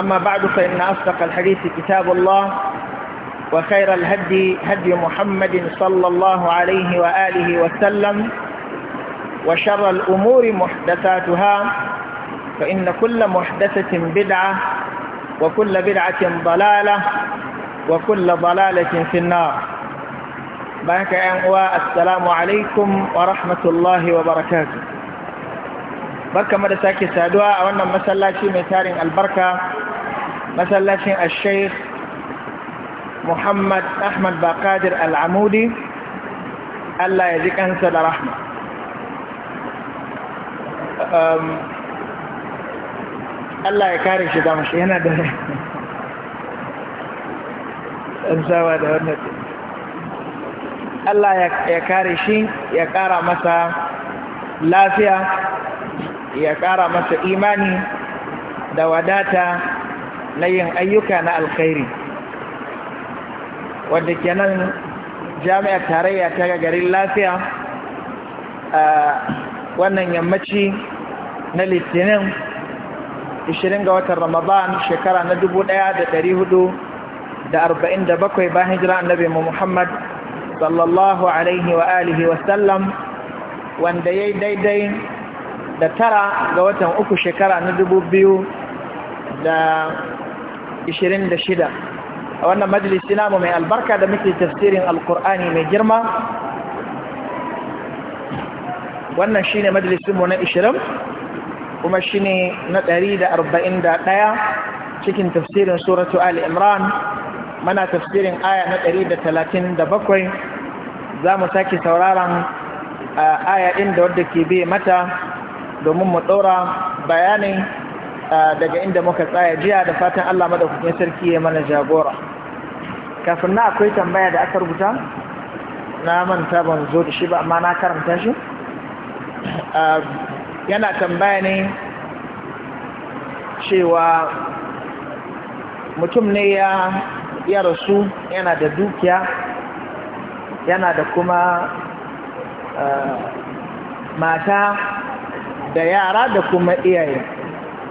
أما بعد فإن أصدق الحديث كتاب الله وخير الهدي هدي محمد صلى الله عليه وآله وسلم وشر الأمور محدثاتها فإن كل محدثة بدعة وكل بدعة ضلالة وكل ضلالة في النار بارك أنواء السلام عليكم ورحمة الله وبركاته بركة da sake saduwa a wannan masallaci mai البركة masallacin al-sheikh muhammad ahmad bakadir al-amudi allah ya ji kansa da rahma um, allah ya kare shi damar shi yana da zawa da wannan allah ya kare shi ya kara masa lafiya ya kara masa imani da wadata na yin ayyuka na alkhairi wadda kenan jami'ar tarayya ta garin lafiya a wannan yammaci na litinin 20 ga watan ramadan shekara na 1447 bayan hijira annabi muhammad sallallahu alaihi wa alihi wasallam wanda ya yi daidai da tara ga watan uku shekara na biyu da 26 a wannan majalisi namu mai albarka da muke tafsirin alkur'ani mai girma wannan shi ne majalisinmu na 20 kuma shi ne na 141 cikin tafsirin suratu ali imran mana tafsirin aya na 137 za mu sake sauraron aya inda wadda ke biye mata domin mu ɗora bayanin daga inda muka tsaya jiya da fatan Allah madaukakin sarki ya mana jagora kafin na akwai tambaya da aka rubuta na manta ban zo da shi ba amma na karanta shi yana tambaya ne cewa mutum ne ya ya rasu yana da dukiya yana da kuma mata da yara da kuma iyaye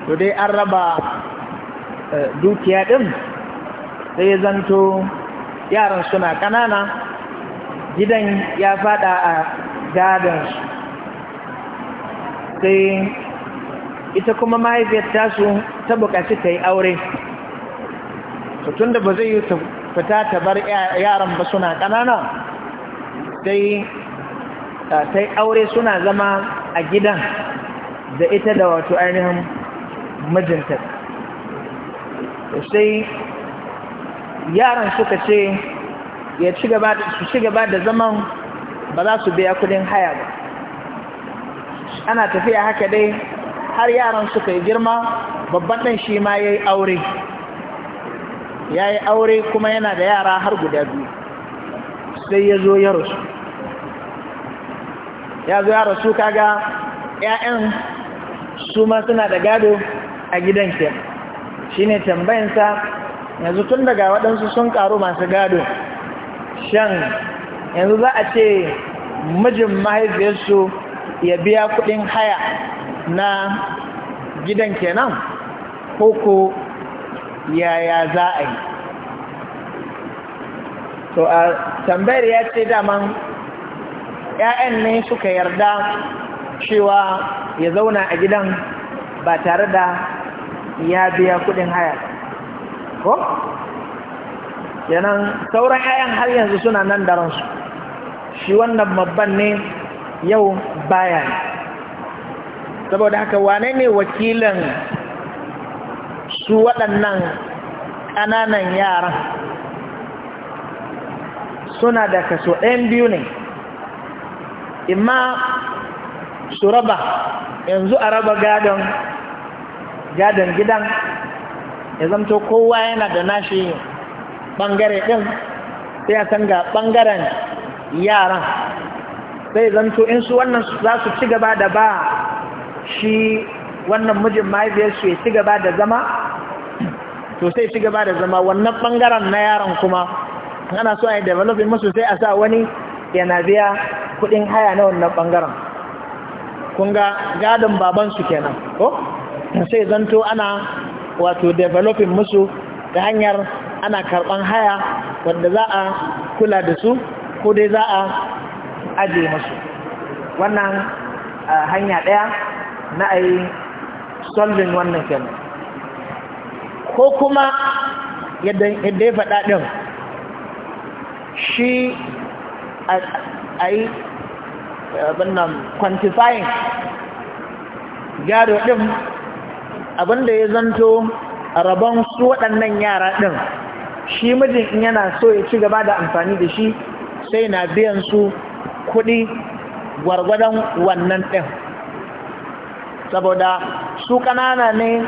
to dai an raba eh, dukiya ɗin sai zanto yaran suna ƙanana gidan ya faɗa a gadansu sai ita kuma mahaifiyar tasu ta buƙaci ta yi aure tun da ba zai yi fita ta bar yaran ba suna ƙanana sai eh, ta yi aure suna zama a gidan da ita da wato ainihin mijinta sai yaran suka ce su ci gaba da zaman ba za su biya kudin haya ba ana tafiya haka dai har yaran suka yi girma babban ɗan shi ma ya yi aure ya yi aure kuma yana da yara har guda biyu sai ya zo ya rasu ya zo ya rasu kaga 'ya'yan su ma suna da gado a gidan ke shi ne tambayinsa yanzu tun daga waɗansu sun ƙaru masu gado shan yanzu za a ce mijin mahaifiyarsu ya biya kuɗin haya na gidan kenan ko yaya za a yi to a tambayar ya ce daman ‘ya'yan ne suka yarda cewa ya zauna a gidan ba tare da ya biya kudin haya ko yanan sauran 'ya'yan har yanzu suna nan da ransu shi wannan babban ne yau baya ne saboda haka wane ne wakilin su waɗannan ƙananan yaran suna da kaso ɗayan biyu ne imma su raba yanzu a raba gadon gadon gidan ya zamto kowa yana da nashi ɓangare ɗin sai a san ga ɓangaren yaran sai zanto in su wannan za su ci gaba da ba shi wannan mijin mahaifiyarsu ya ci gaba da zama to sai ci gaba da zama wannan ɓangaren na yaran kuma ana so a yi developing musu sai a sa wani yana biya kuɗin haya na wannan ɓangaren kun ga gadon babansu kenan ko? sai zanto ana wato developing musu ta hanyar ana karban haya wanda za a kula da su ko dai za a aje musu wannan hanya ɗaya na a solving wannan kenan ko kuma yadda ya faɗa ɗin shi a yi quantifying gado ɗin Abin da ya zanto a rabon su waɗannan yara ɗin shi mijin in yana so ya ci gaba da amfani da shi sai na biyan su kuɗi gwargwadon wannan ɗin saboda su ƙanana ne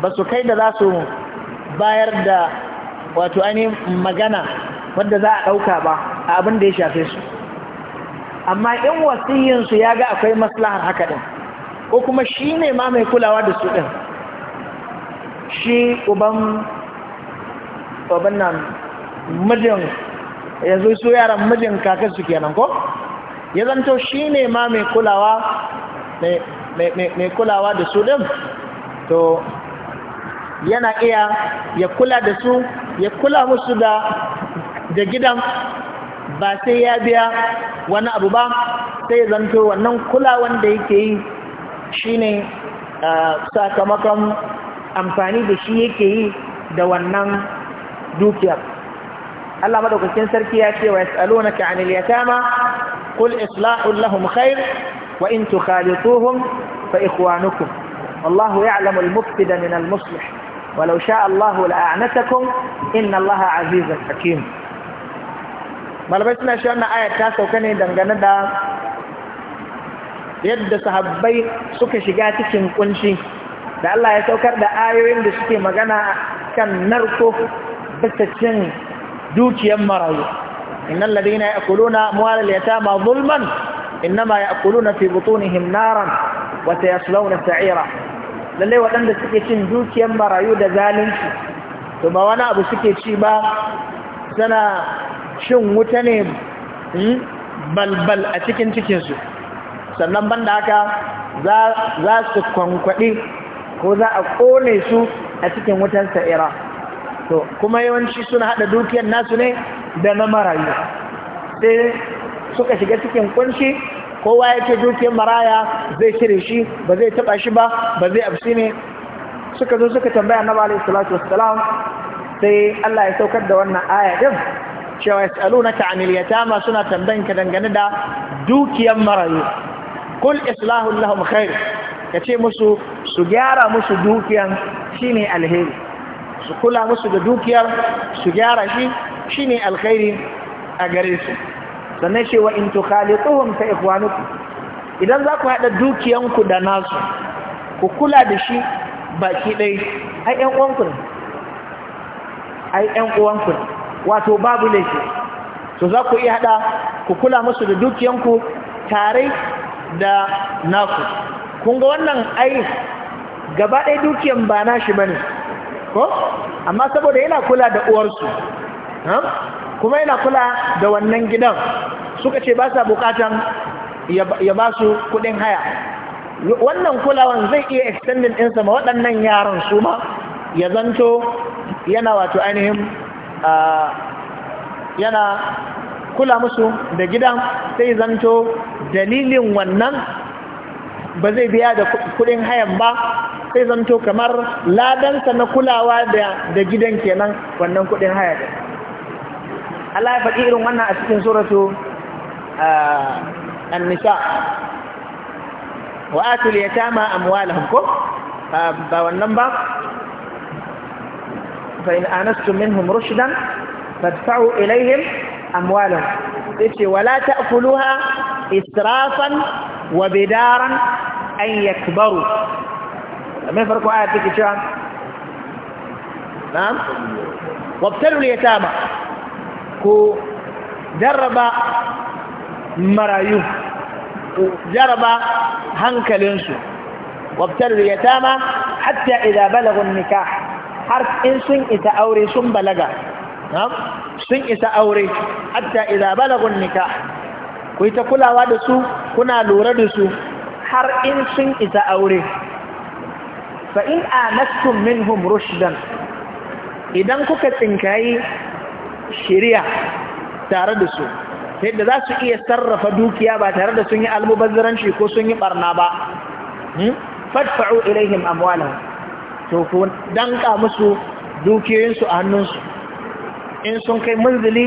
ba su kai da za su bayar da wato ainihin magana wadda za a ɗauka ba a abin da ya shafe su amma in wasiyinsu ya ga akwai maslahar haka ɗin ko kuma shi ne ma mai kulawa da su ɗin shi uban uban nan mijin yanzu su yaran mijin kakar su kenan ko ya zanto shi ne ma mai kulawa mai kulawa da su ɗin to yana iya ya kula da su ya kula musu da da gidan ba sai ya biya wani abu ba sai zanto wannan kulawan da yake yi shi ne ah, sakamakon amfani da shi yake yi da wannan dukiyar Allah madaukakin sarki ya ce wa yas'alunaka 'anil yatama qul islahun lahum khair wa in tukhalituhum fa ikhwanukum wallahu ya'lamu al-mufsida min al-muslih ولو شاء الله لأعنتكم إن الله عزيز hakim malamai suna shi wannan ayat ta sauka ne dangane da yadda sahabbai suka shiga cikin kunshi da Allah ya saukar da ayoyin da suke magana kan narko bisa cin dukiyar marayu innal ladina ya'kuluna amwalal yatama zulman innama ya'kuluna fi butunihim naran wa sayaslawna sa'ira lalle waɗanda suke cin dukiyar marayu da zalunci to ba wani abu suke ci ba sana cin wuta ne hmm, balbal a cikin cikinsu sannan banda haka za su kwankwaɗi ko za a kone su a cikin wutan sa'ira to kuma yawanci suna haɗa dukiyar nasu ne da na marayu sai suka shiga cikin kunshi kowa ce dukiyar maraya zai cire shi ba zai taɓa shi ba ba zai abshi ne suka zo suka tambaya annabi alaihi salatu wassalam sai Allah ya saukar da wannan aya din cewa yas'alunaka 'anil yatama suna tambayanka dangane da dukiyar marayu kul islahu lahum khair ka ce musu su gyara musu dukiyan ne alheri su kula musu da dukiyar su gyara shi shi ne alheri a gare su sannan ce wa in tsohon ta ikwanuku idan za ku haɗa dukiyanku da nasu ku kula da shi baki ɗai ai ƴan uwanku ne ai ƴan uwanku ne wato babu laifi to za ku iya haɗa ku kula musu da dukiyanku tare da naku kun ga wannan ai gaba ɗaya dukiyan ba nashi ba ne ko amma saboda yana kula da uwarsu kuma yana kula da wannan gidan suka ce ba sa bukatan ya ba su kudin haya wannan kulawan zai iya extending ɗinsa ma waɗannan yaran su ma ya zanto yana wato ainihin yana kula musu da gidan sai zanto dalilin wannan ba zai biya da kuɗin hayan ba sai zanto kamar ladansa na kulawa da gidan kenan wannan kuɗin haya da Allah ya faɗi irin wannan a cikin suratu ah, an-nisa wa atul yatama amwalahum ko ah, ba wannan ba fa in anastum minhum rushdan fadfa'u ilayhim amwalahum yace wala ta'kuluha israfan wa bidaran an yakbaru me farko aya take cewa na'am wabtalu ya yatama ku jarraba marayu ku jarraba hankalinsu wabtalu ya yatama hatta idha balagu an har in sun ita aure sun balaga sun isa aure hatta idza balagun nikah ku yi ta kulawa da su kuna lura da su har in sun isa aure fa in anastum minhum rushdan idan kuka tsinkayi shiriya tare da su yadda za su iya sarrafa dukiya ba tare da sun yi almubazzaranci ko sun yi barna ba hmm? fadfa'u ilaihim amwalahum to ku danka musu dukiyoyinsu a hannunsu in sun kai munzili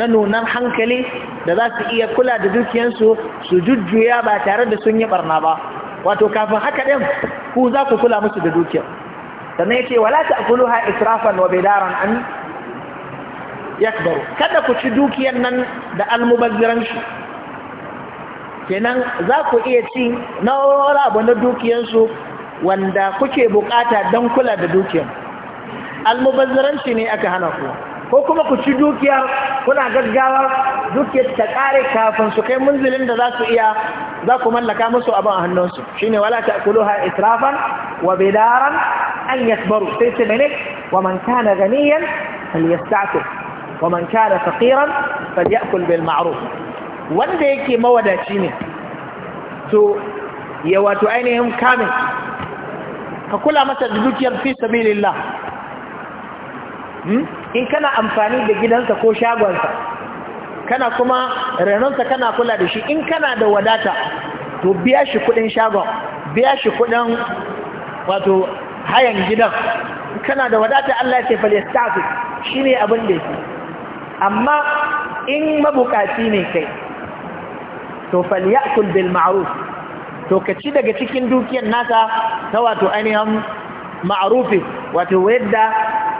na nunan hankali da za su iya kula da dukiyansu su jujjuya ba tare da sun yi barna ba wato kafin haka ɗin ku za ku kula musu da dukiyar sannan ya ce wala lati akulu ha israfan wa bedaran an yakbaru kada ku ci dukiyar nan da almubazziranci kenan za ku iya ci na wani abu na dukiyansu wanda kuke bukata don kula da dukiyar almubazziranci ne aka hana ku ko kuma ku ci dukiyar kuna gaggawa dukiyar ta kare kafin su kai munzilin da za su iya za ku mallaka musu abin a hannunsu shine wala ta'kuluha israfan wa bidaran an yakbaru sai su mene wa man kana ganiyan falyasta'tir wa man kana faqiran falyakul bil ma'ruf wanda yake mawadaci ne to ya wato ainihin kamin ka kula masa da dukiyar fi sabilillah hmm? in kana amfani da gidansa ko shagonsa kana kuma renonsa kana kula da shi in kana da wadata to biya shi kudin shagon biya shi kudin wato hayan gidan kana da wadata Allah ya ce falestafi shi ne abin da yake amma in mabukaci ne kai to falyakul bil ma'ruf to ka ci daga cikin dukiyar nasa ta wato ainihin ma'arufi wato yadda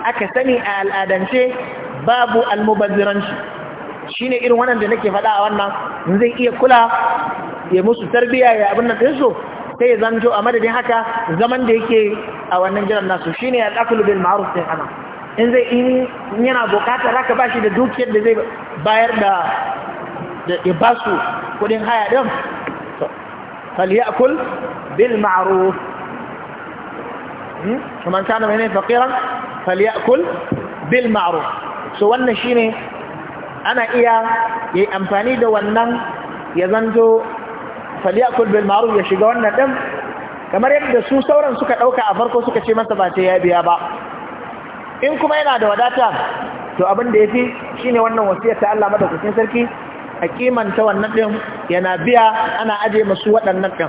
aka sani a al'adance babu almubazziranci shine irin wannan da nake faɗa a wannan zai iya kula ya musu tarbiya ya abin da ɗinsu sai ya zanto a madadin haka zaman da yake a wannan jiran nasu shine ya ɗakulu bil ma'aruf ɗin ana in zai in yana bukatar haka ba shi da dukiyar da zai bayar da ya ba su kuɗin haya ɗin فليأكل بالمعروف فمن كان منه فقيرا falyakul bil ma'ruf so wannan shine ana iya yayi amfani da wannan ya zanto falyakul bil ma'ruf ya shiga wannan din kamar yadda su sauran suka dauka a farko suka ce masa ba ta ya biya ba in kuma yana da wadata to abin da yafi shine wannan wasiyar ta Allah madaukakin sarki a kimanta wannan din yana biya ana aje masu waɗannan din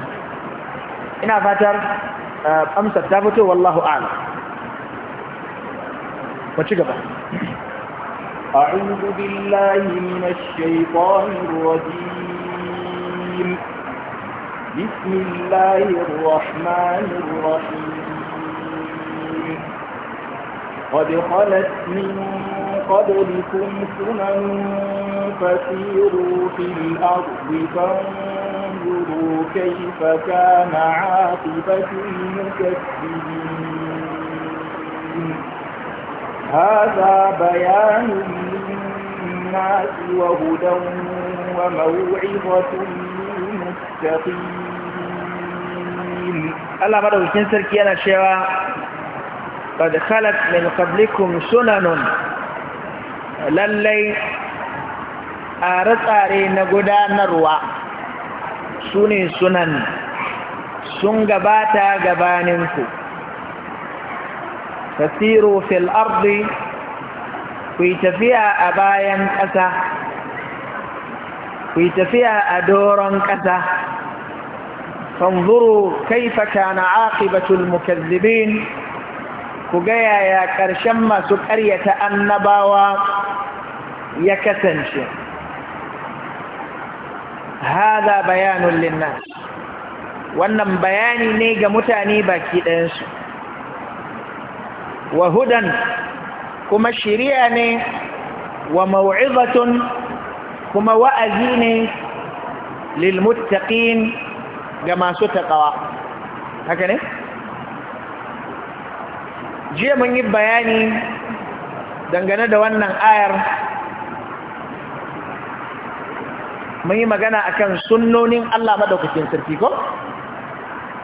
ina fatar eh, amsar ta fito wallahu a'lam وشي أعوذ بالله من الشيطان الرجيم بسم الله الرحمن الرحيم قد خلت من قبلكم سنن فسيروا في الأرض فانظروا كيف كان عاقبة المكذبين هذا بيان للناس وهدى وموعظة للمستقيم الله مدعو كنسر كيانا شواء قد خلت من قبلكم سنن للي tsare-tsare na سنن سنن ne sunan sun gabata gabaninku فسيروا في الأرض ويتفيا أبايا كسا ويتفيا أدورا كسا فانظروا كيف كان عاقبة المكذبين كجايا يا كرشما سكرية النباوى يا هذا بيان للناس وانا بياني نيجا متاني باكي انسو wa hudan kuma shiriya ne wa mau'izatun kuma wa'azi ne lilmuttaqin ga masu taqwa haka ne jiya mun yi bayani dangane da wannan ayar mun yi magana akan sunnonin Allah madaukakin sarki ko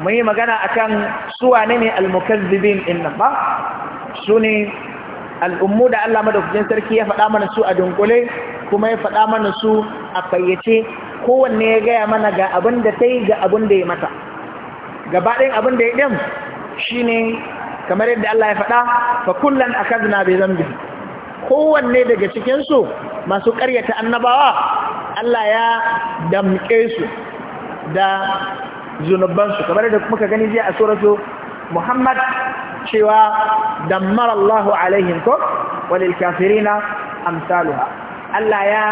mun yi magana akan suwane ne almukazzibin inna ba su ne al'ummu da Allah madaukakin sarki ya faɗa mana su a dunkule kuma ya faɗa mana su a fayyace kowanne ya gaya mana ga abin da ta yi ga abin da ya mata gabaɗin abin da ya ɗin shi ne kamar yadda Allah ya faɗa fa kullan kazina bai zambi kowanne daga cikinsu masu ƙaryata annabawa Allah ya damƙe su da zunubansu kamar yadda muka gani jiya a suratu Muhammad cewa dammara Allahu alaihim ko walil kafirina amsaluha Allah ya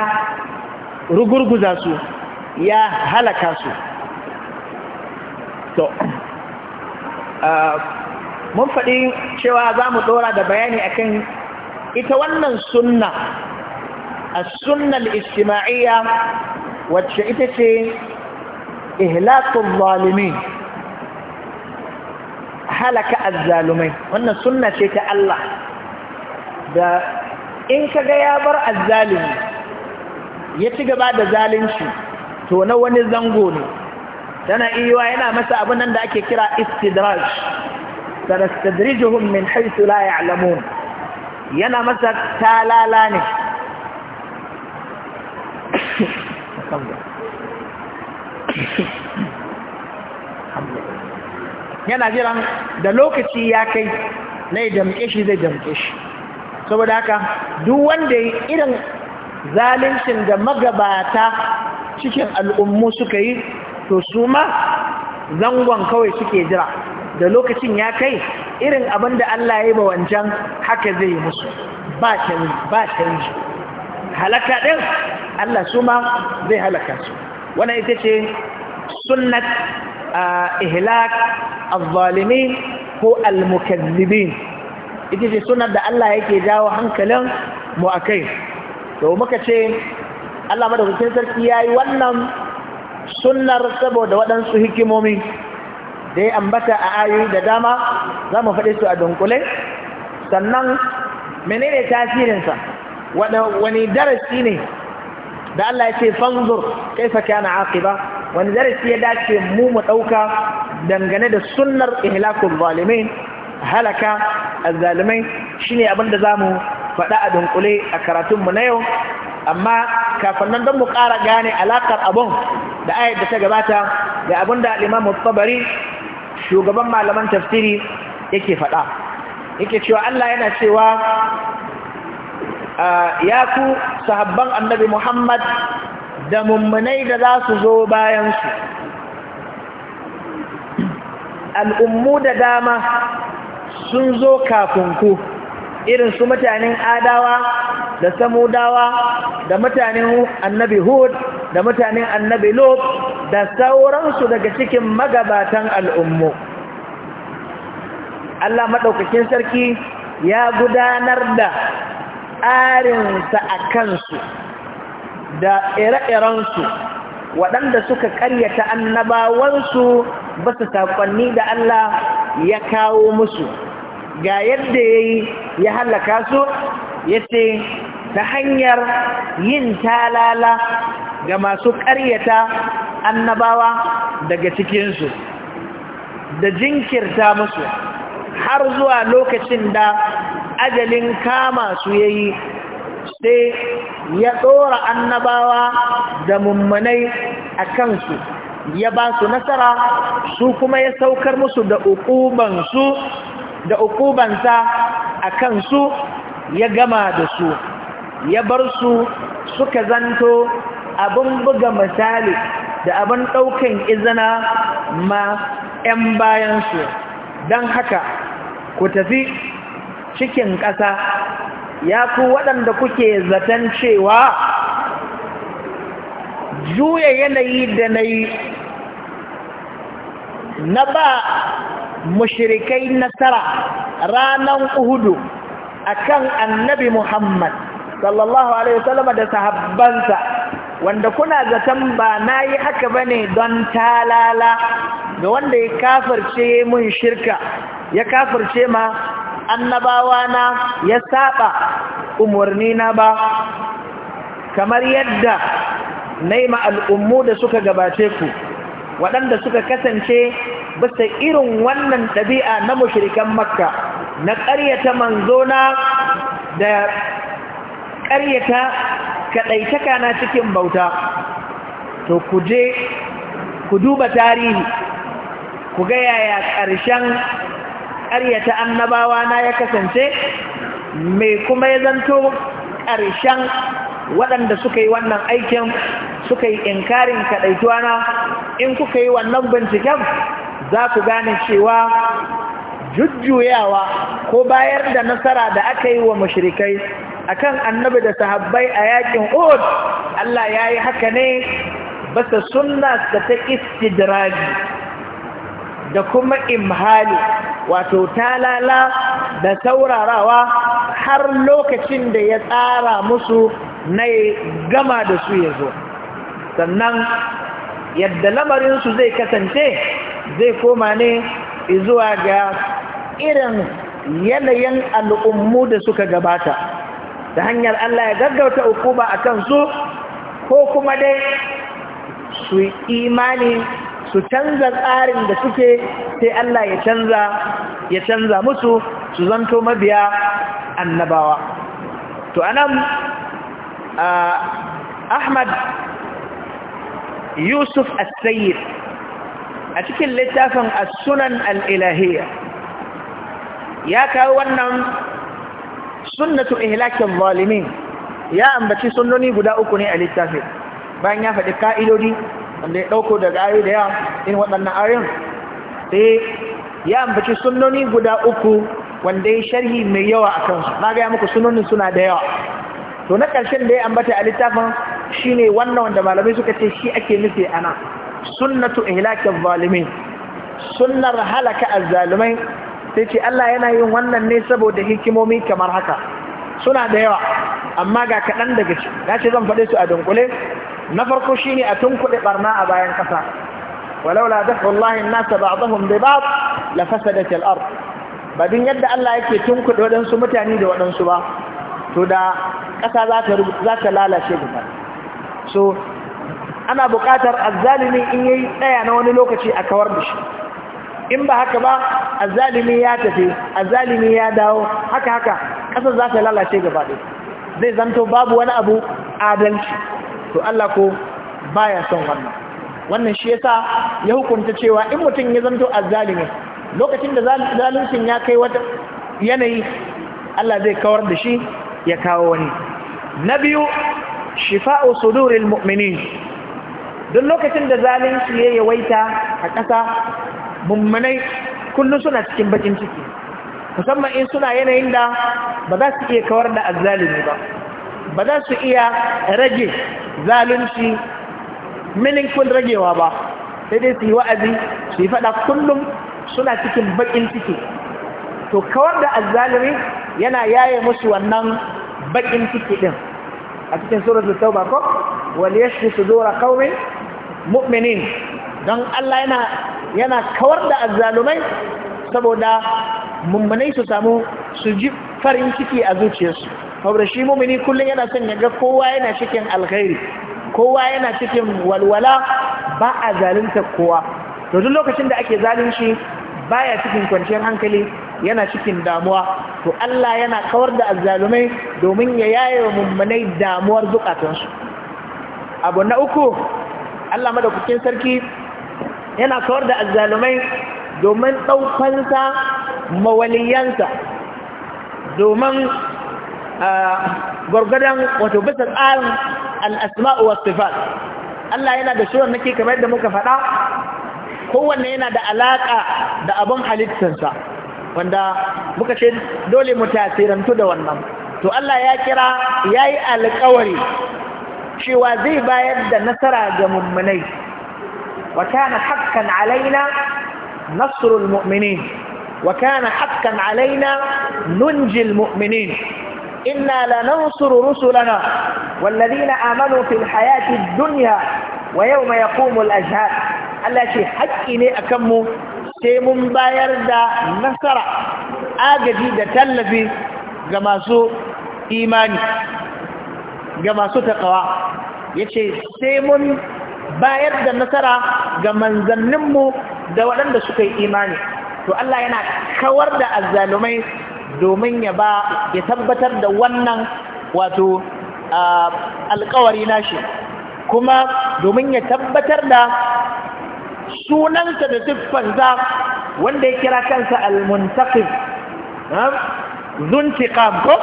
rugurguza su ya halaka su to mun faɗi cewa za mu ɗora da bayani akan ita wannan sunna a sunnar istima'iyya wacce ita ce ihlakun zalimin halaka azzalumai wannan sunna ce ta Allah da in kaga ya bar azzalumi ya ci gaba da zalunci to na wani zango ne tana iya yana masa abin nan da ake kira istidraj sanastadrijuhum min haythu la ya'lamun yana masa talala ne yana jiran da lokaci ya kai na ya damke shi zai damke shi saboda haka duk wanda yi irin zalincin da magabata cikin al'ummu suka yi to su ma zangon kawai suke jira da lokacin ya kai irin abin da Allah ya yi ba wancan haka zai yi musu ba canji ba canji halaka ɗin Allah su ma zai halaka su wani ita ce sunnat ihlak al-zalimin ko al-mukazzibin ita ce sunan da Allah yake jawo hankalin mu akai to muka ce Allah madaukakin sarki yayi wannan sunnar saboda waɗansu hikimomi da ya ambata a ayoyi da dama za mu faɗi su a dunkule sannan menene tasirinsa wani darasi ne da Allah ya ce fanzur kaifa kana aqiba wani darasi ya dace mu mu ɗauka dangane da sunnar ihlakun zalimai halaka shi shine abin da mu faɗa a dunkule a karatun mu na yau amma kafin nan don mu ƙara gane alaƙar abun da ayat da ta gabata da abin da al shugaban malaman tafsiri yake faɗa yake cewa Allah yana cewa ah, ya ku sahabban annabi Muhammad da mummunai da za su zo bayansu al'ummu da dama sun zo kafin ku irin su mutanen adawa da samudawa da mutanen annabi hud da mutanen annabi lob da sauransu daga cikin magabatan al'ummu Allah maɗaukakin sarki ya gudanar da tsarinsa a kansu da ire-irensu waɗanda suka karyata annabawansu ba su saƙonni da Allah ya kawo musu ga yadda ya yi ya hallaka su ya ce ta hanyar yin talala ga masu karyata annabawa daga cikinsu da jinkirta musu har zuwa lokacin da ajalin kama su ya yi sai ya tsora annabawa da mummanai a kansu ya ba su nasara su kuma ya saukar musu da ukubansu da uƙubansa a kansu ya gama da su ya bar su suka zanto abin buga misali da abin ɗaukan izina ma 'yan bayansu don haka ku tafi cikin ƙasa ya ku waɗanda kuke zaton cewa juya yanayi da na yi na ba mushirikai nasara ranar uhudu akan annabi Muhammad sallallahu alaihi wasallam da sahabbansa wanda kuna zaton ba nayi haka bane don talala ga wanda ya kafirce mun shirka ya kafarce ma annabawa na ya saba umarni na ba kamar yadda naima al'ummu da suka gabace ku waɗanda suka kasance bisa irin wannan ɗabi'a na mushirikan makka na ƙaryata manzona da ƙaryata kaɗaitaka na cikin bauta to ku je ku duba tarihi ku ga yaya ƙarshen ƙaryata annabawa na ya kasance mai kuma ya zanto ƙarshen waɗanda suka yi wannan aikin suka yi inkarin kaɗaituwa na in kuka yi wannan binciken za ku gane cewa jujjuyawa ko bayar da nasara da aka yi wa mashirikai akan annabi da sahabbai a yakin od Allah ya yi haka ne basa sunna da ta istidraji da kuma imhali wato talala da saurarawa har lokacin da ya tsara musu na gama da su ya zo sannan yadda lamarinsu zai kasance zai koma ne zuwa ga irin yanayin al'ummu da suka gabata ta hanyar Allah ya gaggauta ukuba a kansu ko kuma dai su imani su canza tsarin da suke sai Allah ya canza ya canza musu su zanto mabiya annabawa to anan Ahmad Yusuf As-Sayyid a cikin littafin As-Sunan Al-Ilahiyya ya kawo wannan sunnatu ihlakin zalimin ya ambaci sunnoni guda uku ne a littafin bayan ya faɗi ka'idodi wanda ya ɗauko daga ayoyi da yawa in waɗannan ayoyin sai ya ambaci sunoni guda uku wanda ya sharhi mai yawa a kansu na gaya muku sunonin suna da yawa to na ƙarshen da ya ambata a littafin shi ne wannan wanda malamai suka ce shi ake nufi ana sunnatu ihlakin zalimin sunnar halaka azzalumai sai ce Allah yana yin wannan ne saboda hikimomi kamar haka suna da yawa amma ga kaɗan daga ci na ce zan faɗe su a dunkule na farko shi ne a tunkuɗe ɓarna a bayan ƙasa walaula dafa Allahin nasa ba'dahum bi ba. la da al ba badin yadda Allah yake tunkuɗe waɗansu mutane da waɗansu ba to da ƙasa za ta lalace gaba so ana buƙatar azzalimi in yi ɗaya na wani lokaci a kawar da shi in ba haka ba azzalimi ya tafi azzalimi ya dawo haka haka ƙasa za ta lalace gaba ɗaya zai zanto babu wani abu adalci to Allah ko baya son wannan wannan shi yasa ya hukunta cewa in mutum ya zanto azzalimi lokacin da zaluncin ya kai wata yanayi Allah zai kawar da shi ya kawo wani na biyu shifa'u suduril mu'minin duk lokacin da zalunci ya yawaita a ƙasa mummunai kullum suna cikin bakin ciki musamman in suna yanayin da ba za su iya kawar da azzalimi ba ba za su iya rage zalunci meaningful ragewa ba sai dai su yi wa'azi su yi faɗa kullum suna cikin baƙin ciki to kawar da azzalimi yana yaye musu wannan baƙin ciki ɗin a cikin suratul tauba ko wal su sudura qaumin mu'minin don Allah yana yana kawar da azzalumai saboda mummunai su samu su ji farin ciki a zuciyarsu saboda shi mumini kullum yana son ya ga kowa yana cikin alkhairi kowa yana cikin walwala ba a zalunta kowa to duk lokacin da ake zalunci baya cikin kwanciyar hankali yana cikin damuwa to Allah yana kawar da azzalumai domin ya yaye wa mummunai damuwar zukatansu abu na uku Allah madaukakin sarki yana kawar da azzalumai domin ɗaukansa mawaliyansa domin gwargwadon wato bisa tsarin al'asma'u wa sifat Allah yana da shirin nake kamar yadda muka faɗa kowanne yana da alaƙa da abin halittarsa wanda muka ce dole mu tasirantu da wannan to Allah ya kira ya yi alƙawari cewa zai bayar da nasara ga mummunai wa kana haƙƙan alaina nasrul mu'minin wa kana haƙƙan alaina nunjil mu'minin إنا لننصر رسلنا والذين آمنوا في الحياة الدنيا ويوم يقوم الأجهاد Allah ce haƙƙi ne a kanmu sai mun bayar da nasara agaji da tallafi ga masu imani ga masu taƙawa ya ce sai mun bayar da nasara ga manzanninmu da waɗanda suka yi imani to Allah yana kawar da azzalumai domin ya ba ya tabbatar da wannan wato alkawari nashi kuma domin ya tabbatar da sunansa da za wanda ya kira kansa al-muntaqim zuntiqam ko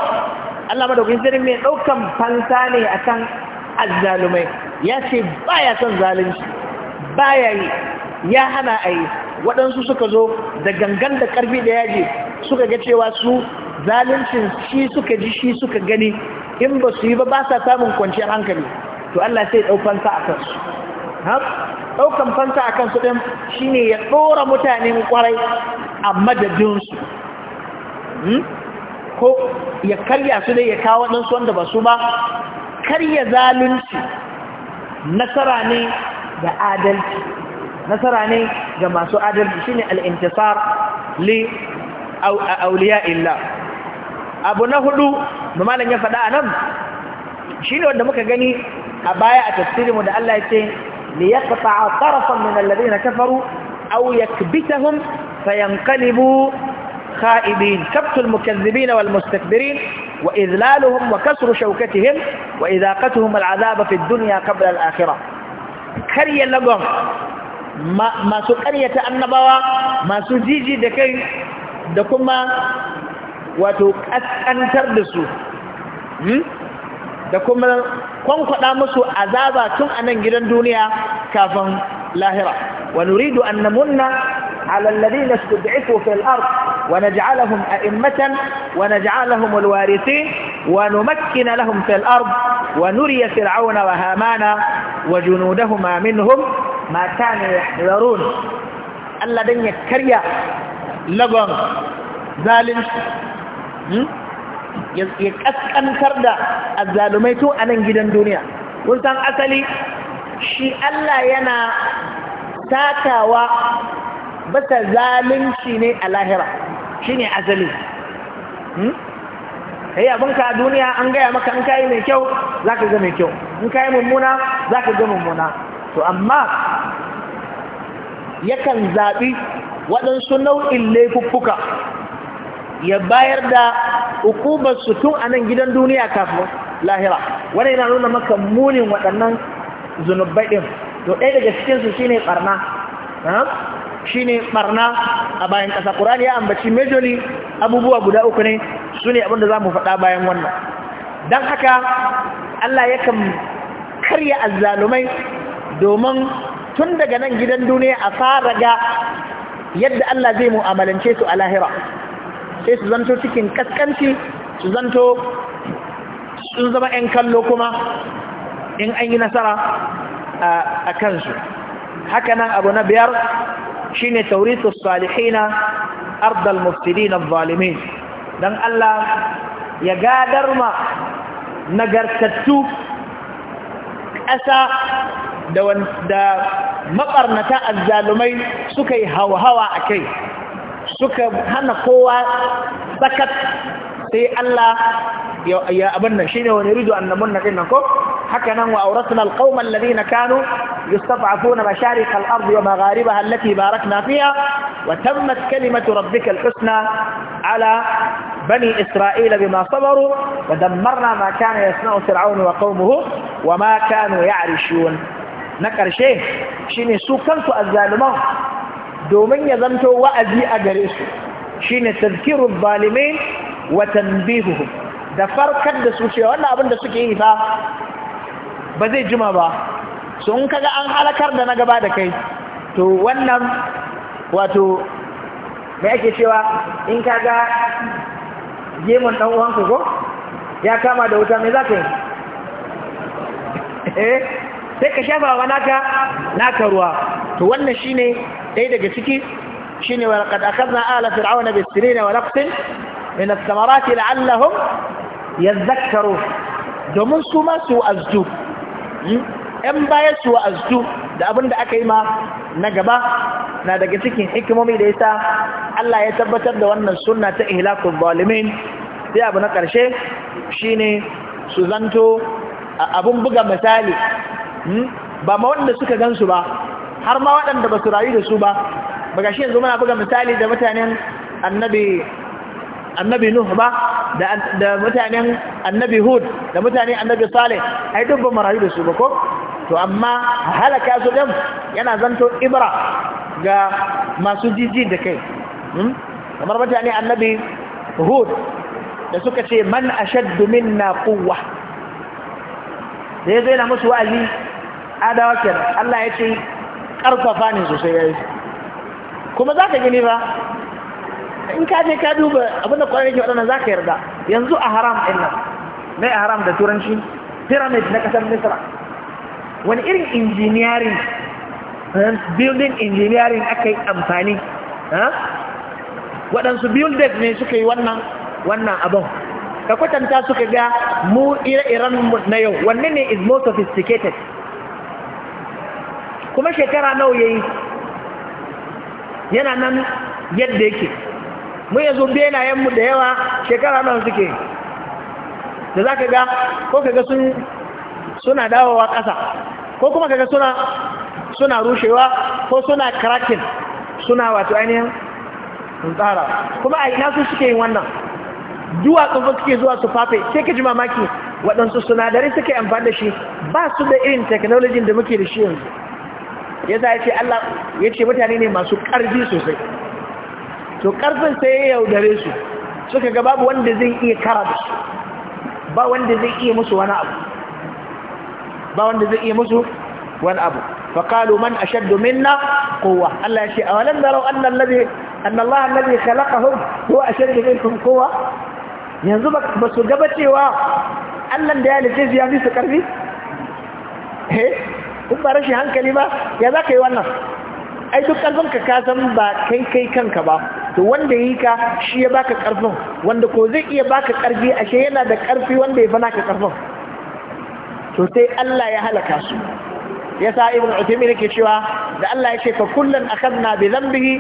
Allah madaukakin sarki mai daukan fansa ne akan azzalumai ya ce baya son zalunci baya yi ya hana a yi waɗansu suka zo da gangan da ƙarfi da yaji suka ga cewa su zaluncin shi suka ji shi suka gani in ba su yi ba ba sa samun kwanciyar hankali to Allah sai ɗaukan fansa a kansu ɗaukan fansa a kansu ɗin shi ne ya ɗora mutanen ƙwarai a madadinsu hmm? ko ya karya su dai ya kawo waɗansu wanda ba su ba karya zalunci nasara ne ga adalci nasara ne ga masu adalci shine al al’intisar li أو أولياء الله أبو نهلو نمالا نفا دا نم شيني ودى مكا غني أبايا أتسيري مدى الله يتين ليقطع طرفا من الذين كفروا أو يكبتهم فينقلبوا خائبين كبت المكذبين والمستكبرين وإذلالهم وكسر شوكتهم وإذاقتهم العذاب في الدنيا قبل الآخرة كريا لقوم ما, ما سؤالية أنبوا ما سجيجي دكي da kuma wato kaskantar da su da kuma kwankwada musu azaba tun a nan gidan duniya kafin lahira wa nuridu an namunna ala alladhina istud'ifu fil ard wa naj'alahum a'immatan wa naj'alahum alwarithin wa numakkin lahum fil ard wa nuriya fir'auna wa hamana wa junudahuma minhum ma kanu yahdharun Allah dan ya karya lagon zalunci hmm? ya kaskantar da azzalumai to a nan gidan duniya wutan asali shi Allah yana takawa bata zalunci ne a lahira shi ne asali hmm? abin abinka a duniya an gaya maka in kayi mai kyau za ka ga mai kyau in kayi mummuna za ka ga mummuna to amma yakan zaɓi waɗansu nau'in laifuffuka ya bayar da hukumar su tun a nan gidan duniya kafin lahira wani yana nuna maka munin waɗannan zunubai ɗin to ɗaya daga cikinsu shi ne ɓarna shi ne ɓarna a bayan ƙasa ƙurani ya ambaci majoli abubuwa guda uku ne su ne abinda za mu faɗa bayan wannan don haka allah yakan karya azzalumai domin tun daga nan gidan duniya a fara ga yadda Allah zai mu'amalance su a lahira sai su zanto cikin kaskanci su zanto sun zama 'yan kallo kuma in an yi nasara a kansu haka nan abu na biyar shi ne tauritu salihina ardal na zalimin don Allah ya gadar ma nagartattu ƙasa da maɓarnata azzalumai suka yi hauhawa a kai suka hana kowa sakat sai Allah ya abin nan shi ne wani rijo annabin na nan ko حكنا وأورثنا القوم الذين كانوا يستضعفون مشارق الأرض ومغاربها التي باركنا فيها وتمت كلمة ربك الحسنى على بني إسرائيل بما صبروا ودمرنا ما كان يصنع فرعون وقومه وما كانوا يعرشون نكر شيء شيني سو كنت الظالمون دومين يزمتوا وأذي أجريسو شيني تذكير الظالمين وتنبيههم da farkar da su ce wannan abin da suke yi fa ba zai jima ba so in kaga an halakar da na gaba da kai to wannan wato mai ake cewa in kaga gemun dan uwanka ko ya kama da wuta mai zaka yi eh sai ka shafa wa naka naka ruwa to wannan shine dai daga ciki shine wa laqad akhadna ala fir'auna bis-sinina wa naqsin min ath-thamarati la'allahum yadhakkarun domin su ma su azzu ‘yan baya su wa'aztu da abin da aka yi ma na gaba na daga cikin hikimomi da ya sa Allah ya tabbatar da wannan suna ta ihlakul balimin sai abu na ƙarshe ne su zanto abin buga misali hmm? ba ma wanda suka gansu ba har ma waɗanda ba su rayu da su ba ba ga shi yanzu muna buga misali da mutanen annabi nuhu ba da mutanen annabi hud da mutane annabi salih ai duk ba marayu da su ba ko to amma halaka su din yana zanto ibra ga masu jiji da kai kamar mutane annabi hud da suka ce man ashaddu minna quwwa sai zai na musu wa'azi adawa kenan Allah ya ce karfafa ne sosai yayi kuma zaka gani ba in ka je ka duba abinda kwanan yake waɗannan zaka yarda yanzu a haram ɗin nan mai haram da turanci pyramid na kasar misra wani irin engineering eh, building engineering aka yi amfani eh? waɗansu builders ne suka yi wannan wannan abin ka kwatanta suka ga mu ire-iren na yau wanne ne is more sophisticated kuma shekara nau ya yi, yana nan yadda yake mu yanzu benayenmu da yawa shekara nawa suke da za ka ga ko ka ga suna dawowa ƙasa ko kuma ka ga suna rushewa ko suna cracking suna wato ainihin tsara kuma a ina su suke yin wannan duwatsu ba suke zuwa su fafe sai ka ji mamaki waɗansu sunadari suke amfani da shi ba su da irin technology da muke da shi yanzu ya za ya ce Allah ya ce mutane ne masu ƙarfi sosai to ƙarfin sai ya yaudare su suka ga babu wanda zai iya kara da su ba wanda zai iya musu wani abu ba wanda zai iya musu wani abu Allah ya أشد a قوة الله يشيء أولم anna أن الذي أن الله الذي خلقهم هو أشد منكم قوة ينزبك بس جبتي و الله ده ya تزي يعني سكربي هي kun ba rashin hankali ba ya za ka yi wannan ai duk ka ka san ba kai kai kanka ba to wanda yi ka shi ya baka karfin wanda ko zai iya baka karfi ashe yana da karfi wanda ya fana ka karfin to sai Allah ya halaka su Ya sa ibn utaymin yake cewa da Allah ya ce fa kullan akhadna bi dhanbihi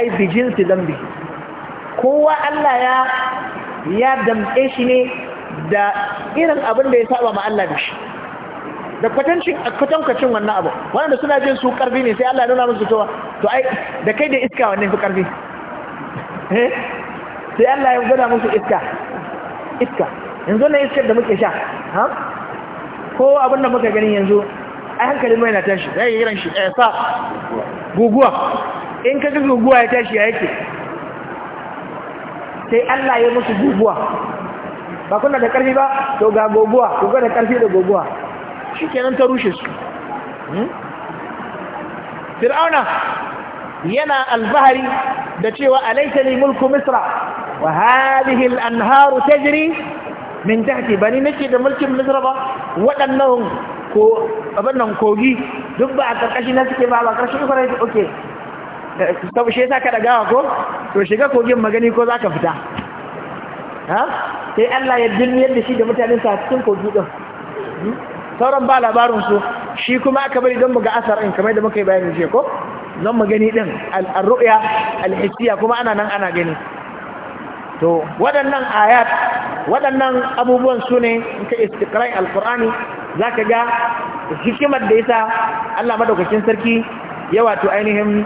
ay bi jinsi dhanbihi kowa Allah ya ya damɗe shi ne da irin abin da ya saba ma Allah da shi da kwatankwacin wannan abu wanda suna jin su karfi ne sai Allah ya nuna musu cewa to ai da kai da iska wannan fi karfi Eh? sai Allah ya gada musu iska iska yanzu na iskar da muke sha ha ko abin da muka gani yanzu ai hankali mai na tashi zai yi ran shi eh sa guguwa in ka ga guguwa ya tashi ya yake sai Allah ya musu guguwa ba kuna da karfi ba to ga guguwa ku ga da karfi da guguwa shikenan ta rushe su hmm? fir'auna yana albahari da cewa alaysa li mulku misra wa hadhihi al-anharu tajri min tahti bani nake da mulkin misra ba waɗannan ko abannan kogi duk ba a karkashi na suke ba ba karkashi ko rai oke to shi yasa ka dagawa ko to shiga kogin magani ko zaka fita ha sai Allah ya dinniyar da shi da mutanen sa cikin kogi din hmm? sauran ba labarin su shi kuma aka bari don mu ga in kamar da muka yi bayani ko zan magani ɗin al'arru'ya alhissiya kuma ana nan ana gani to waɗannan ayat waɗannan abubuwan su ne ka istikirai alkur'ani za ka ga hikimar da yasa allah madaukakin sarki ya wato ainihin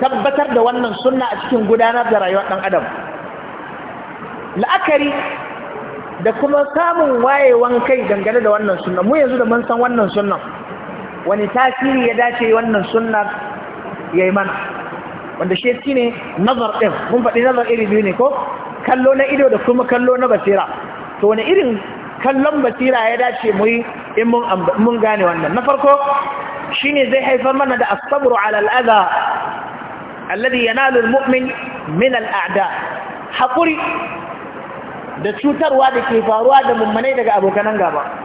tabbatar da wannan sunna a cikin gudanar da rayuwar ɗan adam la'akari da kuma samun wayewan kai dangane da wannan sunna mu yanzu da mun san wannan sunan. wani tasiri ya dace wannan sunnar ya yi mana wanda shi shi ne nazar ɗin mun faɗi nazar iri biyu ne ko kallo na ido da kuma kallo na basira to wani irin kallon basira ya dace mu yi in mun gane wannan na farko shi ne zai haifar mana da asabru ala al'aza alladhi yanalu al min al'ada haƙuri da cutarwa da ke faruwa da mummanai daga abokanan gaba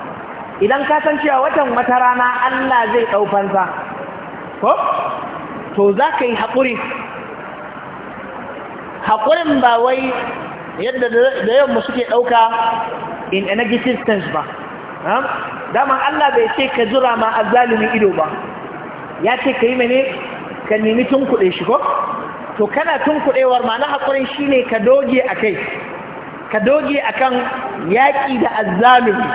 idan ka san cewa watan wata rana Allah zai ɗaufansa ko to za ka yi haƙuri haƙurin ba wai yadda da yamma suke ɗauka in a negative sense ba daman Allah bai ce ka jira ma azalimin ido ba ya ce ka yi mene ka nemi tunkuɗe shi ko to kana tun kuɗewar na haƙurin shi ka doge a kai ka doge a kan yaƙi da azalumi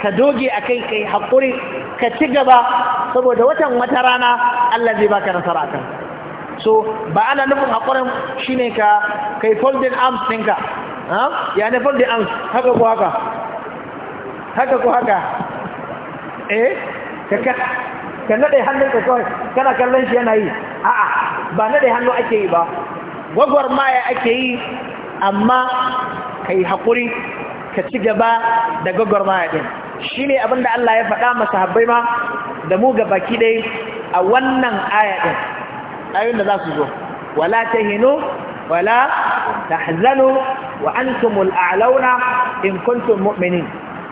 ka doge a kai kai haƙuri ka ci gaba saboda watan wata rana Allah zai baka nasara kan so ba ana nufin haƙurin shine ka kai folding arms ɗinka ya ne folding arms haka ko haka haka ko haka eh ka ka ka naɗe ka kawai kana kallon shi yana yi a'a ba naɗe hannu ake yi ba gwagwar maya ake yi amma ka yi haƙuri ka ci gaba da gwagwar maya ɗin shi ne abinda Allah ya faɗa masa habbai ma da mu baki ɗai a wannan ayaɗin ayoyin da za su zo wala ta hino wala ta hazano wa an tumul a'launa in kuntum mu'minin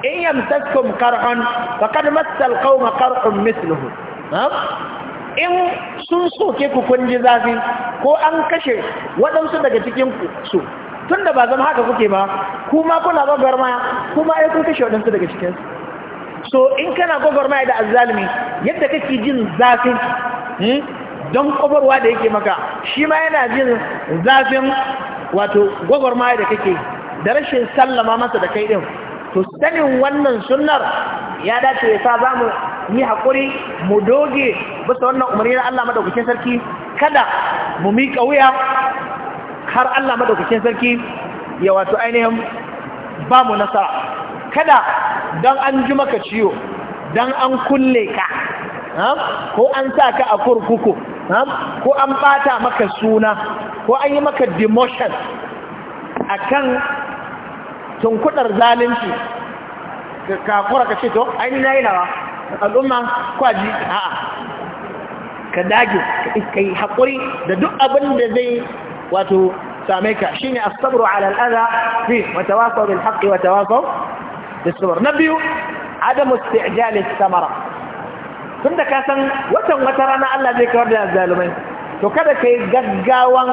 in yamsaskum kar'un faqad massal qauma kar'un misluhu in sun soke ku kun zafi ko an kashe waɗansu daga cikin su tunda ba zama haka kuke ba kuma kuna babbar maya kuma ai kun kashe waɗansu daga cikinsu. so in kana gwagwarmaya da azalimi, yadda kake jin zafin hmm, don kwabarwa da yake maka shi ma yana jin zafin wato gwagwarmaya da kake da rashin sallama masa da kai din to sanin wannan sunnar ya dace ya sa za mu yi haƙuri mu doge bisa wannan umarni na Allah madaukakin sarki kada mu miƙa wuya har Allah madaukakin sarki ya wato ainihin ba mu nasara kada don an ji maka ciwo don an kulle ka ko an sa ka a kurkuku ko an bata maka suna ko an yi maka demotion a kan tunkudar zalunci kakura ka ce to ainihin na yi nawa al'umma kwaji a'a ka dage ka yi haƙuri da duk abin da zai wato same ka shine asabru ala al'adha fi watawasau bil haqqi watawasau للصبر نبي عدم استعجال الثمرة tun da ka san watan wata rana Allah zai kawar da zalumai to kada ka yi gaggawan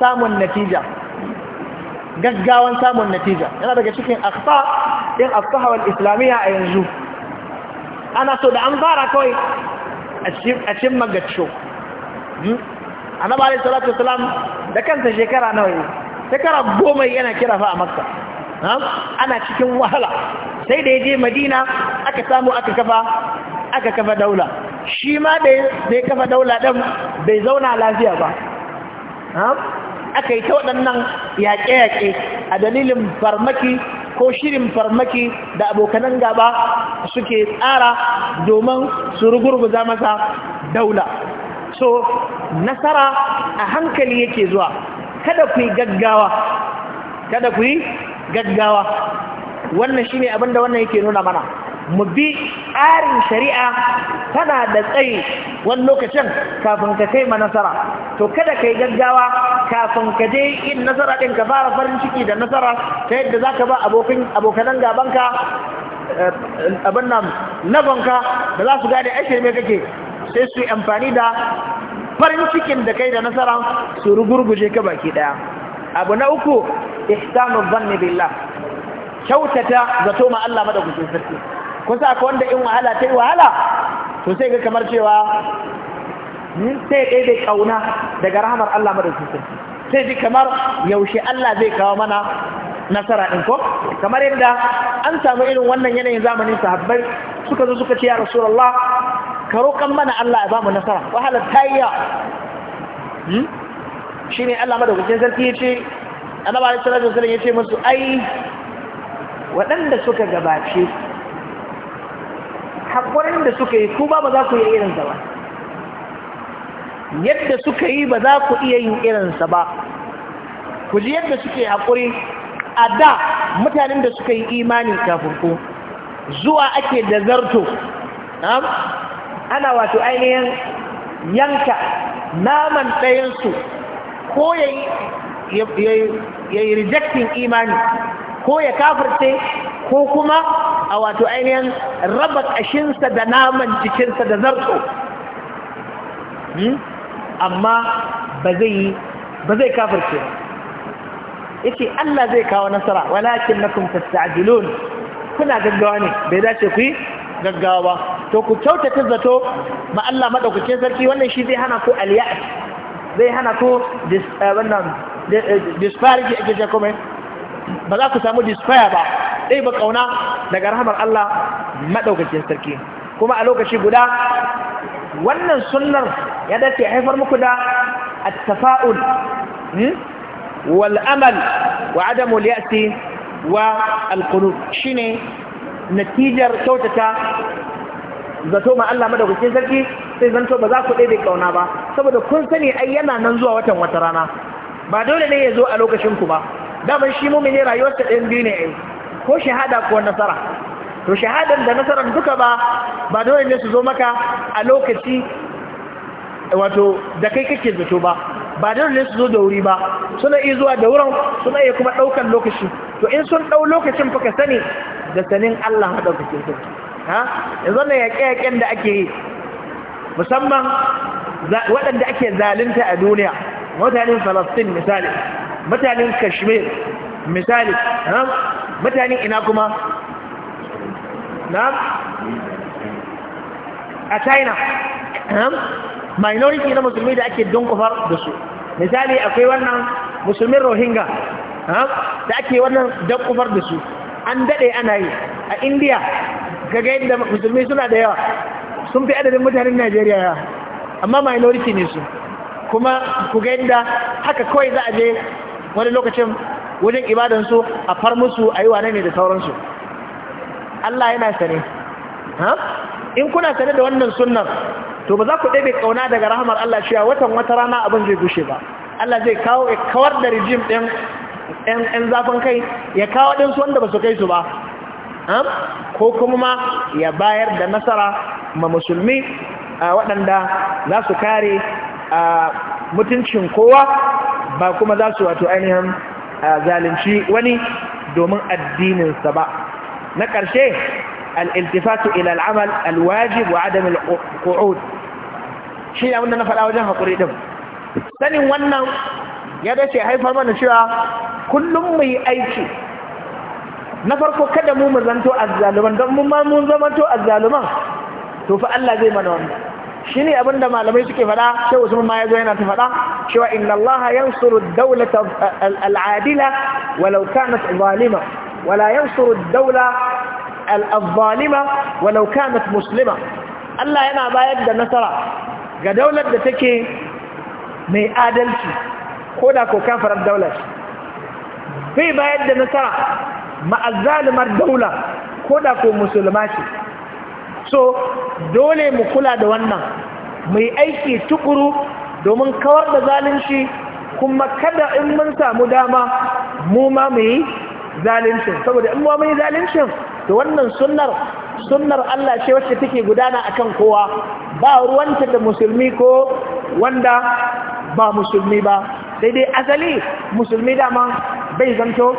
samun natija gaggawan samun natija yana daga cikin aksa din asahawar islamiyya a yanzu ana so da an fara kawai a cin magacho annabi alaihi salatu wasalam da kansa shekara nawa ne shekara goma yana kira fa a makka ana cikin wahala sai da ya je madina aka samu aka kafa aka kafa daula shi ma da ya kafa daula ɗan bai zauna lafiya ba aka yi ta waɗannan yaƙe-yaƙe a dalilin farmaki ko shirin farmaki da abokanan gaba suke tsara domin su rugurguza masa daula so nasara a hankali yake zuwa kada ku yi gaggawa kada ku yi gaggawa wannan shi ne abinda wannan yake nuna mana mu bi tsarin shari'a tana da tsaye wani lokacin kafin ka kai ma nasara to kada ka yi gaggawa kafin ka je yin nasara ɗin ka fara farin ciki da nasara ta yadda za ka ba abokanan gabanka eh, abin nan nagonka da za su gane ashe mai kake sai su yi amfani da farin cikin da kai da nasara su rugurguje ka baki ɗaya abu na uku ihsanu zanni billah kyautata zato ma Allah madaukakin sarki kun sa wanda in wahala ta yi wahala to sai ga kamar cewa hmm, sai dai dai kauna daga rahmar Allah madaukakin sarki sai ji kamar yaushe Allah zai kawo mana nasara din ko kamar yadda an samu irin wannan yanayin zamanin sahabbai suka zo suka ce ya rasulullah ka roƙan mana Allah ya ba mu nasara wahala ta yi shine Allah madaukakin sarki yace Annabi sallallahu alaihi ya ce musu ai waɗanda suka gabace hakurin da suka yi ku ba ba za ku yi irin sa ba yadda suka yi ba za ku iya yin irin sa ba ku ji yadda suke haƙuri, a da mutanen da suka yi imani kafin ku zuwa ake da zarto ana wato ainihin yanka naman ɗayansu ko ya yi rejectin imani ko ya kafirce ko kuma a wato ainihin raba ƙashinsa da naman jikinsa da zarto hmm? amma ba zai yi ba kafirce ya ce Allah zai kawo nasara walakin na a ta'adilun kuna gaggawa ne bai dace ku yi gaggawa to ku ta zato ma Allah maɗaukacin sarki wannan shi zai hana ku aliyar zai hana ku eh, wannan eh, ake ba za ku samu disfaya ba ɗai ba ƙauna daga rahamar Allah maɗaukacin sarki kuma a lokaci guda wannan sunnar ya dace haifar muku da attafa'ul hmm, wal'amal wa liyasi wa alkunu shine natijar kyautata zato ma Allah madaukakin sarki sai zanto ba za ku ɗebe ƙauna ba saboda kun sani ai yana nan zuwa watan wata rana ba dole ne ya zo a lokacin ku ba daman shi mumini rayuwar ta ɗin biyu ne ai ko shahada ko nasara to shahadan da nasaran duka ba ba dole ne su zo maka a lokaci wato da kai kake zato ba ba dole ne su zo da wuri ba suna iya zuwa da wurin suna iya kuma ɗaukan lokaci to in sun ɗau lokacin fa sani da sanin Allah madaukakin sarki ha yanzu wannan yaƙe-yaƙen da ake yi musamman waɗanda ake zalunta a duniya mutanen falastin misali mutanen kashmir misali mutanen ina kuma a china minority na musulmi da ake dunkufar da su misali akwai wannan musulmin rohingya da ake wannan dunkufar da su an daɗe ana yi a india kaga yadda musulmi suna da yawa sun fi adadin mutanen najeriya yawa amma minority ne su kuma ku ga yadda haka kawai za a je wani lokacin wajen ibadansu a far musu a yi wane ne da sauransu Allah yana sane in kuna sane da wannan sunnan to ba za ku ɗabe ƙauna daga rahamar Allah cewa watan wata rana abin zai gushe ba Allah zai kawo kawar da rijim ɗin ‘yan zafin kai ya kawo ɗinsu wanda ba su kai su ba ko kuma ma ya bayar da nasara ma musulmi waɗanda za su kare mutuncin kowa ba kuma za su wato ainihin zalunci wani domin addininsa ba na ƙarshe al'iltifatu ilal'amal alwajib wa adam al'u'ud shi ya wanda na faɗa wajen haƙuri ɗin sanin wannan ya dace haifar mana cewa kullum mu yi aiki نفرق كذا مو مزنتو الظالم دم مو مو مزنتو الظالم تو فالله زي ما نقول شني أبن دم على ميسي كيف لا شو اسمه ما يزوينا تفلا شو إن الله ينصر الدولة العادلة ولو كانت ظالمة ولا ينصر الدولة الظالمة ولو كانت مسلمة الله هنا بايد دا نصرا دولة تكي مي آدلتي خودا كو كان فرد في بايد دا نصرا ma'azzalimar daula ko da ko musulma ce so dole mu kula da wannan mu yi aiki tukuru domin kawar da zalunci kuma kada in mun samu dama mu ma mu zaluncin saboda in ma muyi zalunci zaluncin to wannan sunnar sunnar Allah ce wacce take gudana akan kowa ba ruwanta da musulmi ko wanda ba musulmi ba daidai asali musulmi dama bai zanto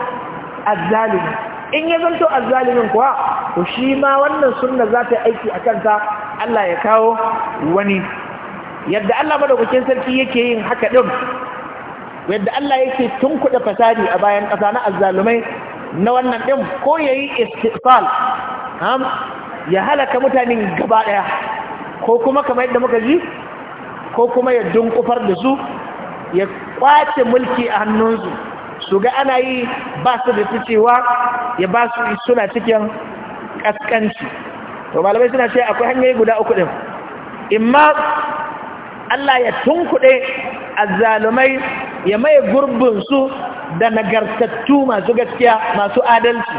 azzalimi in ya zanto azzalimin kuwa ku shi ma wannan sunna za ta aiki a kanta Allah ya kawo wani yadda Allah madaukakin sarki yake yin haka din yadda Allah yake tunkuɗe fasadi a bayan ƙasa na azzalumai na wannan din ko yayi istiqsal ya halaka mutanen gaba ɗaya ko kuma kamar yadda muka ji ko kuma ya dunkufar da su ya kwace mulki a hannunsu su ga ana yi ba su da ficewa ya ba su suna cikin kaskanci to malamai suna ce akwai hanyoyi guda uku din imma Allah ya tunkuɗe azzalumai ya maye gurbinsu da nagartattu masu gaskiya masu adalci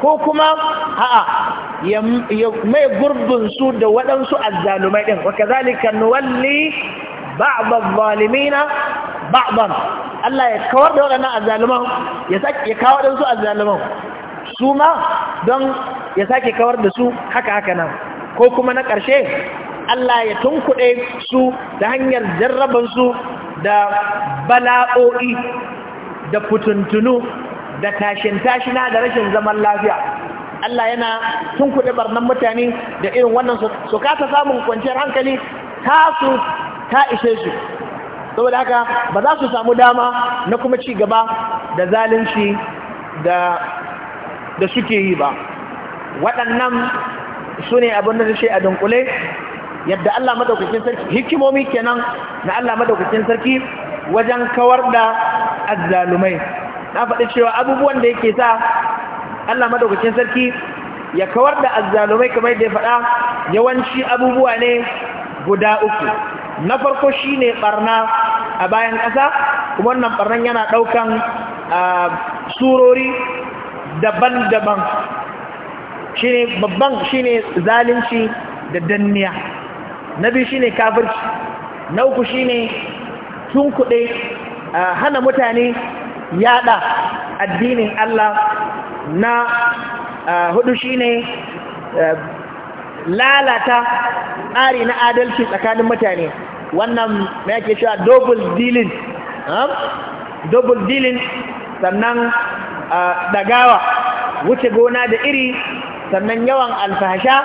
ko kuma a'a ya mai gurbinsu da waɗansu azzalumai ɗin wa kazalika nuwalli ba'd adh-dhalimina Allah ya kawar da waɗannan azzaluman ya sake ya kawo da su azzaluman su ma don ya sake kawar da su haka haka nan ko kuma na ƙarshe Allah ya tunkuɗe su da hanyar jarrabansu da bala'o'i da fituntunu da tashin-tashina da rashin zaman lafiya Allah yana tunkuɗe barnan mutane da irin wannan su kasa samun kwanciyar hankali ta su ta ishe su saboda haka ba za su samu dama na kuma ci gaba da zalunci da da suke yi ba waɗannan su ne abin da zai a dunkule yadda Allah madaukakin sarki hikimomi kenan na Allah madaukakin sarki wajen kawar da azzalumai na faɗi cewa abubuwan da yake sa Allah madaukakin sarki ya kawar da azzalumai kamar da ya faɗa yawanci abubuwa ne guda uku na farko shine barna a bayan ƙasa kuma wannan barnan yana ɗaukan surori daban-daban shine babban shine zalunci da danniya na biyu shine kafirci na uku shine tunkuɗe hana mutane yaɗa addinin Allah na hudu shine lalata tsari na adalci tsakanin mutane wannan me ake cewa double dealing ah, double dealing sannan ah, dagawa wuce gona da iri sannan yawan alfasha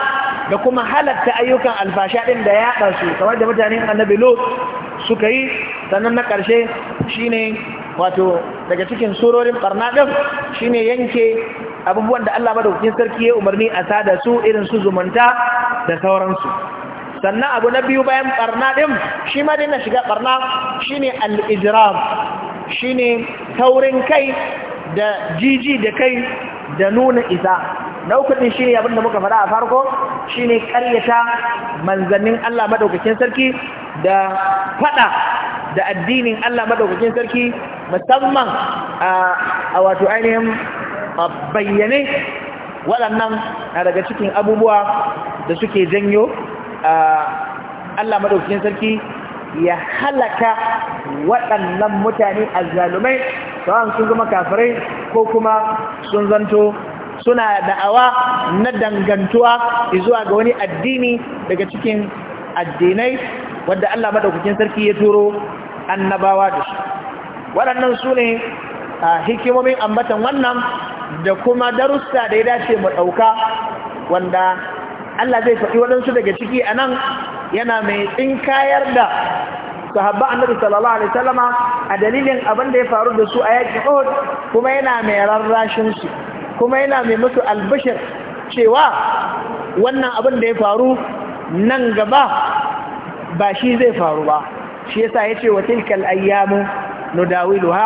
da kuma halatta ayyukan alfasha ɗin da ya su kamar da mutanen annabi lo suka yi sannan na ƙarshe shine wato daga cikin surorin barna ɗin shine yanke abubuwan da Allah madaukakin sarki ya umarni a sada su irin su zumunta da sauransu sannan abu na biyu bayan barna ɗin shi ma na shiga barna shi ne al'ijiram shi ne taurin kai da jiji da kai da nuna isa na ukudin shi ne abinda muka faɗa a farko shi ne ƙaryata manzannin Allah maɗaukakin sarki da faɗa da addinin Allah maɗaukakin sarki musamman a wato ainihin bayyane waɗannan daga cikin abubuwa da suke janyo Allah madaukin sarki ya halaka waɗannan mutane azzalumai sawan sun zama kafirai ko kuma sun zanto suna da'awa na dangantuwa zuwa ga wani addini daga cikin addinai wadda Allah madaukin sarki ya turo annabawa da shi waɗannan su ne hikimomin ambatan wannan da kuma darussa da ya dace mu ɗauka wanda Allah zai faɗi waɗansu daga ciki a nan yana mai tsinkayar da sahabba annabi sallallahu alaihi a dalilin abin da ya faru da su a yakin Uhud kuma yana mai rarrashin su kuma yana mai musu albashir cewa wannan abin da ya faru nan gaba ba shi zai faru ba shi yasa ce wa tilkal ayyamu nudawiluha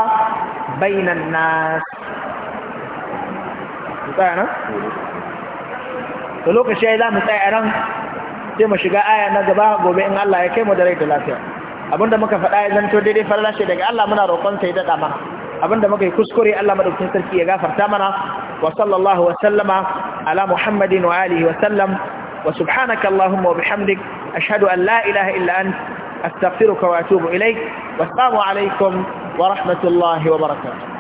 bainan nas tsaya da lokaci ya yi za mu tsaya ran sai mu shiga aya na gaba gobe in Allah ya kai mu da rai da lafiya abinda muka faɗa ya zanto daidai farla shi daga Allah muna roƙon sai daɗa mana abinda muka yi kuskure Allah madaukakin sarki ya gafarta mana wa sallallahu wa sallama ala muhammadin wa alihi wa sallam wa subhanaka allahumma wa bihamdik ashhadu an la ilaha illa ant astaghfiruka wa atubu ilaik wa assalamu alaikum wa rahmatullahi wa barakatuh